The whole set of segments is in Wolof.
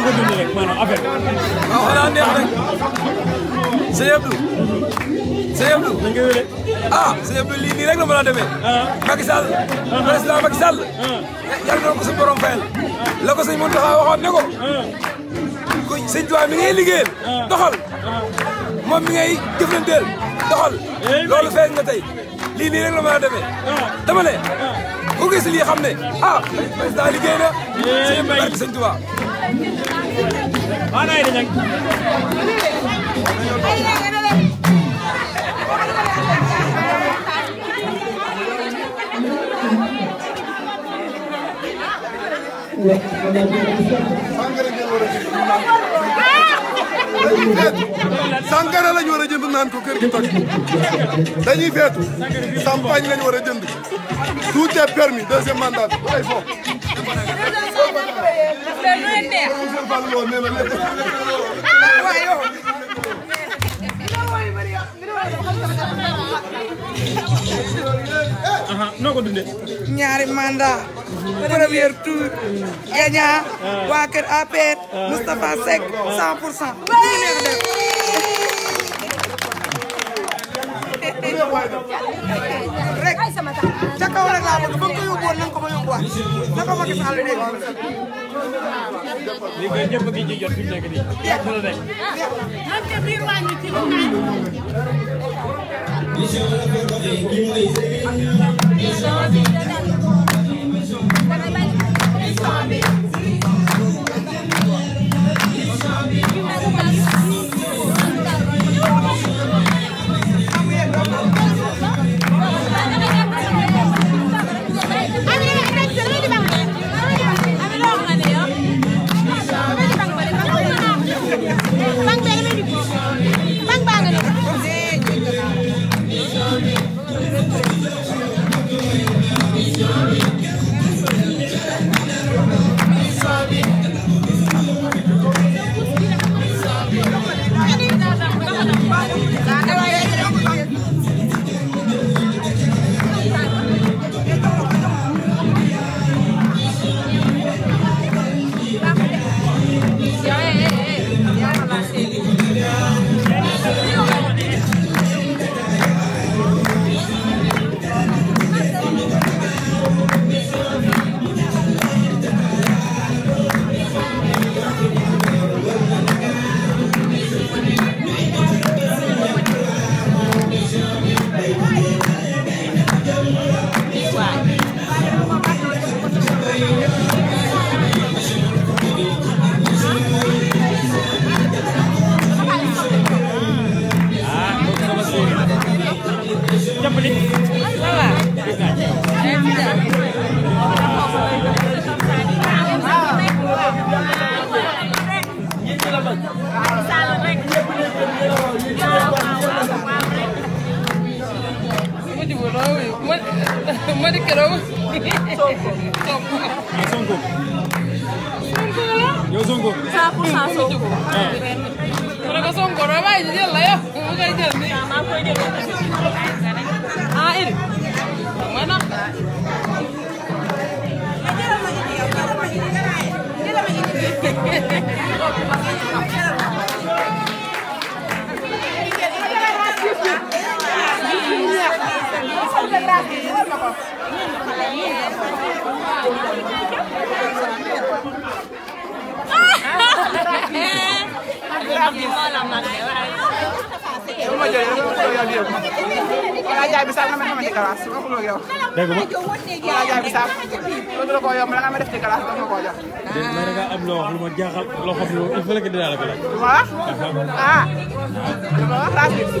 nga ko dundee rek maanaam affaire waaw xanaa neex ah, mën a demee ah. Macky Sall ah. président Macky ko sa borom fayal la ko sëñ Mountakha waxoon ne ko ko sëñ mi ngay liggéeyal doxal moom mi ngay jëflanteel doxal eh, loolu feeñ na tey lii nii a demee dama ne ku gis lii xam ne ah président liggéey na. sëñ bi barke sëñ Tuubaa. Thank you. sàngara lañ war a jënd naan ko kër gi toj dañuy feetu champagne lañ war a jënd tout est permis deuxième mandat ñaari mandat premier tour. gagnant waa kër APR. Moustapha Seck 100 pour cent. rek ca kaw rek laa bëgg ba nga ko yóbbuwoon na nga ko ma yóbbuwaat na ko ma gis àll dégg li ngay ñëpp ngi ci jot fi mu nekk nii. jeex na rek. man de biir waa ñu ci lu naan. incha allah. Mama di kerawu. Songkok. Songkok. Songkok lah. Yo songkok. Sapu sasu. Kalau kau songkok, apa aja dia lah ya. Kamu kayak jadi. Sama aku aja. Ah, ini. Mana? Kalau bisa kan mereka di kelas, aku mau jauh. Kalau aja bisa, lu tuh kau yang mereka mereka di kelas, kamu kau jauh. Dan mereka amlo, lu mau jaga, lo kau belum, itu lagi di dalam kelas. Wah, ah, kelas gitu.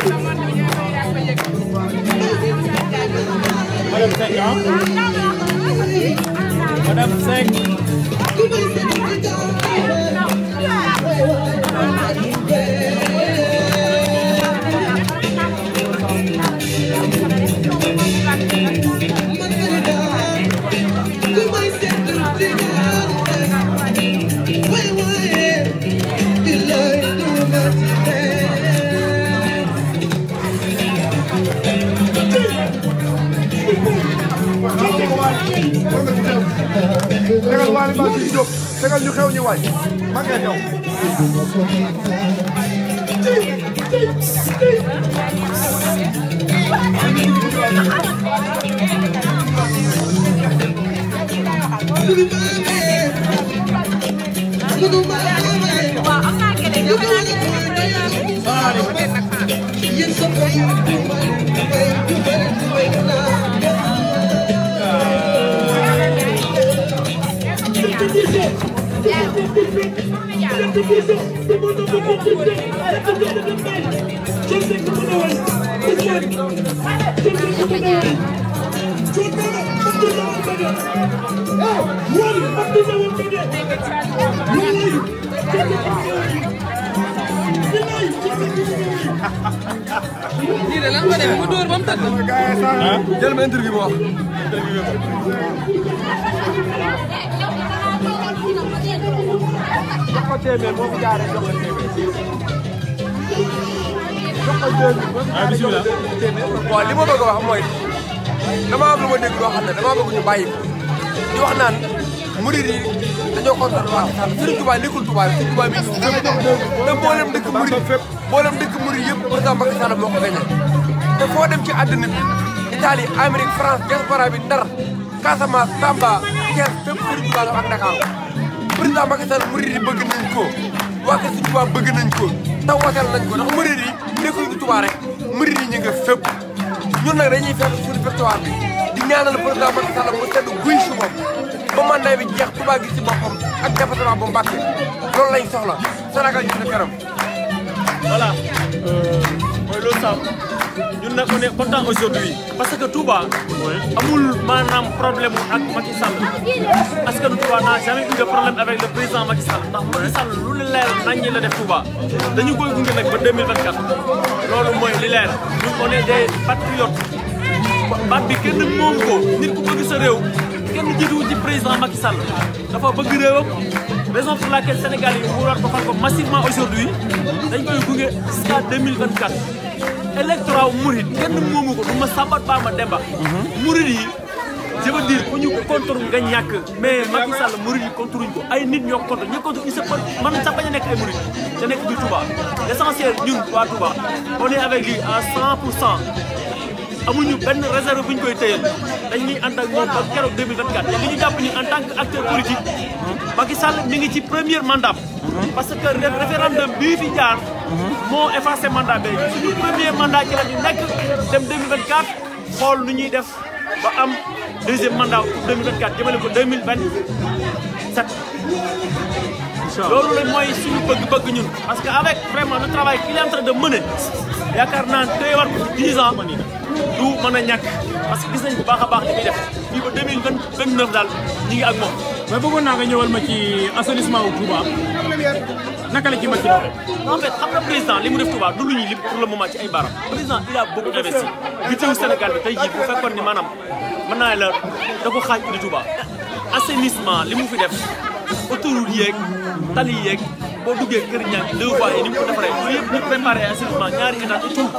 y'all? What hein? Madame Singh. Mali Ba Sy Diop tegal ñu xew ñu waay ma ngay xew. Yéen sa jël ma interview bi wax jox ko li ma bëgg a wax mooy dama am lu ma dégg loo xam ne dama bëgg ñu bàyyi ko di wax naan murid yi dañoo kontaan waaw Sëriñ Tuubaa nekkul Tuubaa bi Sëriñ Tuubaa bi te mboolem dëkk murid fépp mboolem dëkk moo ko gañe te foo dem ci àddina bi Italie Amérique France diaspora bi Ndar Casamance Tamba Thiès fépp Sëriñ Tuubaa nga ak président Macky Sall murid yi bëgg nañ ko waa kër si bëgg nañ ko te wooteel nañ ko ndax murid yi nekkuñu Touba rek murid ñu nga fépp ñun nag dañuy fekk suñu répertoire bi di ñaanal président Macky mu sedd guy si moom ba mandat bi jeex Touba gi ak département bu Mbacké loolu lañ soxla ñu ne kanam voilà euh, loolu sax ñun nag on est content aujourd'hui parce que Touba amul maanaam problème ak Macky parce que Touba n'a jamais eu de problème avec le président Macky Sall ndax Macky Sall lu la nañ la def Touba dañu koy gunge nag ba 2024 loolu mooy li leer ñun on est des baat bi kenn moom ko nit ku bëgg sa réew kenn jiituwu ci président Macky Sall dafa bëgg réewam raison pour laquelle Sénégal yi mu war ko fal ko massivement aujourd'hui dañ koy gunge jusqu'à électorat murid kenn moomu ko du ma Samba Ba ma Demba. Mhm. murid yi je veux ku ñu contre nga ñàkk. mais Macky Sall yi contre ñu ko ay nit ñoo contre ñu contre il se man sax bañ a nekk ay murid te nekk biir Touba l' ñun waa Touba on est avec lui à 100 amuñu benn réserve bu ñu koy téyal dañuy ànd ak moom ba keroog 2024 te ñu jàpp ni en tant que acteur politique. Mhm. mi ngi ci premier mandat. Mhm. parce que référendum bii fi moo effacé mandat bi suñu premier mandat ci la ñu nekk dem 2024 xool nu ñuy def ba am deuxième mandat pour 2024 jëmale ko 2027. incha allah loolu la mooy suñu bëgg-bëgg ñun. parce que avec vraiment le travail qu'il est en train de mener yaakaar naa tey war ko 10 du mën a ñàkk parce que gis nañ bu baax a baax li muy def fii ba 2029 daal ñu ngi ak moom. mais bëggoon naa nga ma ci assainissement wu Touba naka la ci Macky en fait xam nga président li mu def Touba du lu ñuy lim pour le ci ay baram président il a beaucoup investi bi teew Sénégal bi tey jii bu fekkoon ni maanaam mën naa la da ko xaaj di Touba li mu fi def autoroute yeeg tali yeeg boo duggee kër ñaar deux fois yi ni mu ko defaree yooyu yëpp ñu préparé assainissement ñaari état et tout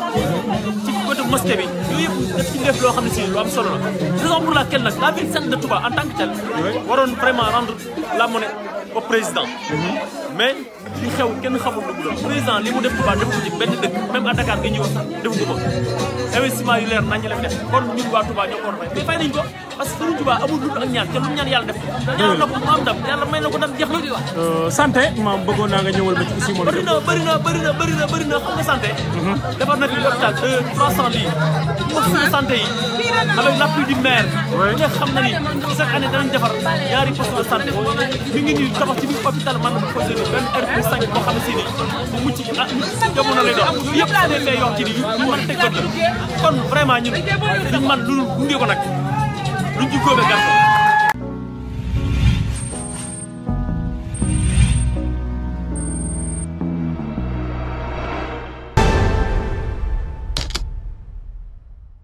ci côté mosquée bi yooyu yëpp daf ci def loo xam ne si lu am solo la raison pour laquelle nag la ville sainte de Touba en tant que telle waroon vraiment rendre la monnaie au président mhm. li xew kenn xamul lu mu doon président li mu def Touba def ko ci benn dëkk même à Dakar nga ñuy wax sax defu ko fa investissement yu leer nañ la def kon ñun waa Touba ñoo ko war a mais fay nañ ko parce que Serigne Touba amul lu ak ñaan te lu ñaan yàlla def yàlla na ko mu am ndam yàlla may na ko ndam jeex na di euh, wax santé maam bëggoon naa nga ñëwal ma ci aussi moom bëri na bëri na bëri na bëri na bëri na xam nga santé mhm. defar na fi hôpital 300 euh, lits poste santé yi avec l'appui du maire nga xam na ni chaque année danañ defar ñaari poste de santé mi ngi ñuy tabax ci hôpital man ko jël benn benn sañ boo xam si ne bu mucc gi ah jamono lay doon yëpp daa kon vraiment ñun liñ man lu gunge ko nag luñ ci góobee gàtt